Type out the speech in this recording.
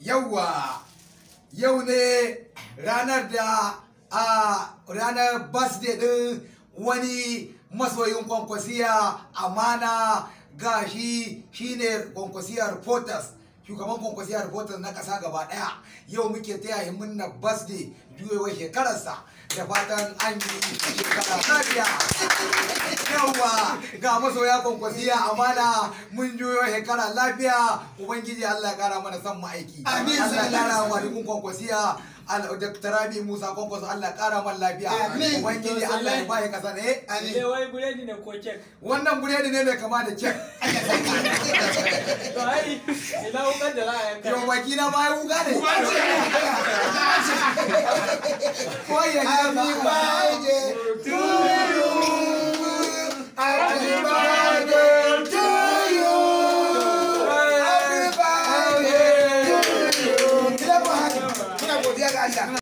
yawwa yau ne ranar da a ranar birthday din wani masoyin kwankwasiya amana gashi shine kwankwasiya reporters shugaban kwankwasiya reporters na kasa gaba daya yau muke taya yi murna birthday juyewa shekararsa da fatan an yi shekara lafiya garba ga masoya kwankwasiya amana mun juyo hekara lafiya ubangiji Allah ya kara mana san ma'aiki amin Allah ya kara wa dukkan kwankwasiya Tarabi Musa Kwankwaso Allah ya kara mana lafiya. Ubangiji Allah ya baya kasa ne. Amin. Eh, wai buredi ne ko kek? Wannan buredi ne mai kama da kek. To ai ina wukar da za a yanka. Yau baki na ma ya wuka ne. Ko ya ji ba. Галя.